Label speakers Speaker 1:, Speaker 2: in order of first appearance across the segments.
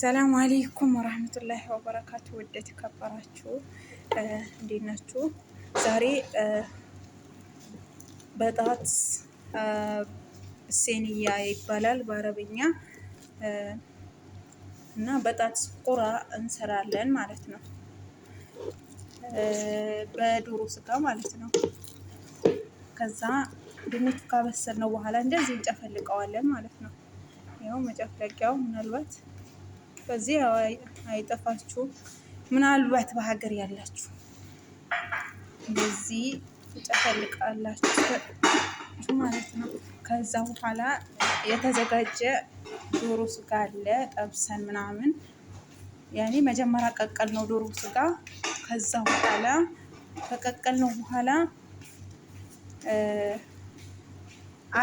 Speaker 1: ሰላም አሌይኩም ወራህመቱላሂ ወበረካቱ። ውድ የተከበራችሁ እንዴት ናችሁ? ዛሬ በጣት ሴንያ ይባላል በአረብኛ እና በጣት ቁራ እንሰራለን ማለት ነው። በዶሮ ስጋ ማለት ነው። ከዛ ድንቹ ካበሰልነው በኋላ እንደዚህ እንጨፈልቀዋለን ማለት ነው። ይኸው መጨፍለቂያው ምናልባት በዚህ አይጠፋችሁ ምናልባት በሀገር ያላችሁ በዚህ ትጨፈልቃላችሁ ማለት ነው። ከዛ በኋላ የተዘጋጀ ዶሮ ስጋ አለ ጠብሰን ምናምን ያኔ መጀመሪያ ቀቀል ነው ዶሮ ስጋ። ከዛ በኋላ ከቀቀል ነው በኋላ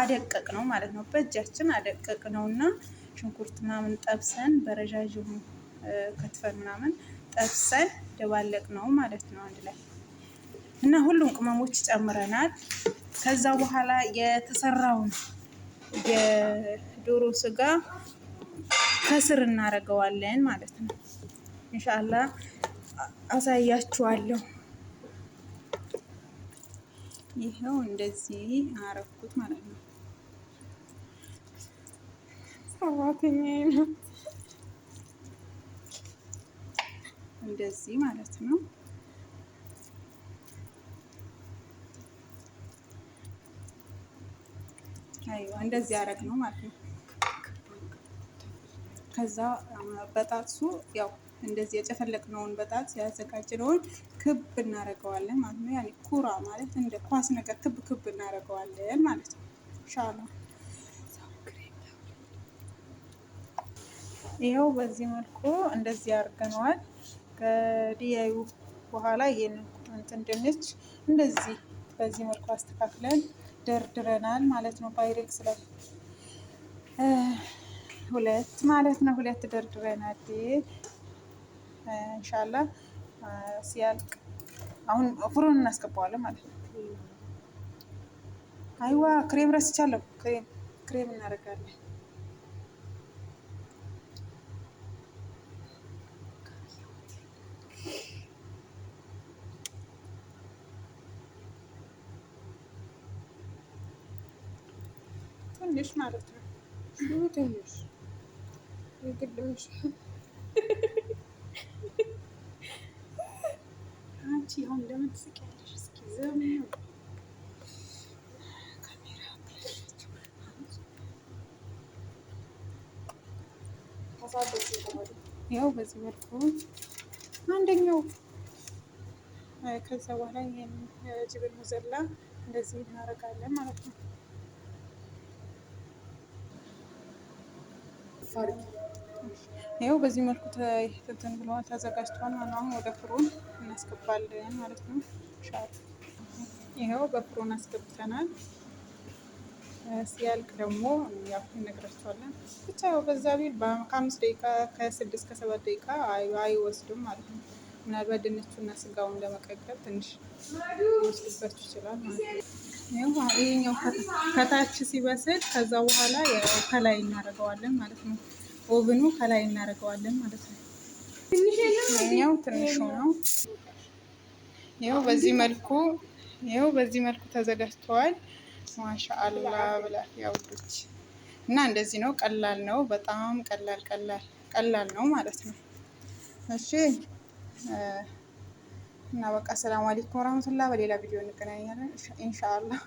Speaker 1: አደቀቅ ነው ማለት ነው። በእጃችን አደቀቅ ነው እና ሽንኩርት ምናምን ጠብሰን በረዣዥሙ ከትፈን ምናምን ጠብሰን ደባለቅ ነው ማለት ነው አንድ ላይ እና ሁሉም ቅመሞች ጨምረናል። ከዛ በኋላ የተሰራውን የዶሮ ስጋ ከስር እናደርገዋለን ማለት ነው። እንሻላ አሳያችኋለሁ። ይኸው እንደዚህ አረኩት ማለት ነው። ሰራተኛ ናት። እንደዚህ ማለት ነው። አይዋ እንደዚህ አረግ ነው ማለት ነው። ከዛ በጣጥሱ ያው እንደዚህ የጨፈለቅነውን በጣት ያዘጋጀነውን ክብ እናደርገዋለን ማለት ነው። ያኔ ኩራ ማለት እንደ ኳስ ነገር ክብ ክብ እናደርገዋለን ማለት ነው። ኢንሻላህ ይኸው በዚህ መልኩ እንደዚህ አድርገነዋል። ከዲያዩ በኋላ ይሄንን እንትን ድንች እንደዚህ በዚህ መልኩ አስተካክለን ደርድረናል ማለት ነው። ባይሬክስ ላይ ሁለት ማለት ነው። ሁለት ደርድረናል። እንሻላ ሲያልቅ አሁን ፍሩን እናስገባዋለን ማለት ነው። አይዋ ክሬም ረስቻለሁ። ክሬም ክሬም እናደርጋለን። ትንሽ ማለት ነው። ትንሽ ግድሽ አንቺ አሁን እንደምትስቂያለሽ እስኪ ዘም ያው በዚህ መልኩ አንደኛው ከዛ በኋላ ይህን ጅብን ሙዘላ እንደዚህ እናደርጋለን ማለት ነው። ከፍ አድርጊ። ይኸው በዚህ መልኩ እንትን ብለዋል ተዘጋጅቷል። አሁን ወደ ፍሩን እናስገባለን ማለት ነው። ሻት ይኸው በፍሮን አስገብተናል። ሲያልቅ ደግሞ ያው እነግራቸዋለን። ብቻ ያው በዛ ቢል ከአምስት ደቂቃ ከስድስት ከሰባት ደቂቃ አይወስድም ማለት ነው። ምናልባት ድንቹና ስጋውን ለመቀቀል ትንሽ ይወስድባችሁ ይችላል ማለት ነው። ይህኛው ከታች ሲበስል ከዛ በኋላ ከላይ እናደርገዋለን ማለት ነው። ኦብኑ ከላይ እናደርገዋለን ማለት ነው። ይኸው ትንሹ ነው። ይኸው በዚህ መልኩ ይኸው በዚህ መልኩ ተዘጋጅተዋል። ማሻአላ ብላ ያውዶች እና እንደዚህ ነው። ቀላል ነው። በጣም ቀላል ቀላል ቀላል ነው ማለት ነው። እሺ እና በቃ ሰላም አለይኩም ወራህመቱላህ። በሌላ ቪዲዮ እንገናኛለን ኢንሻአላህ።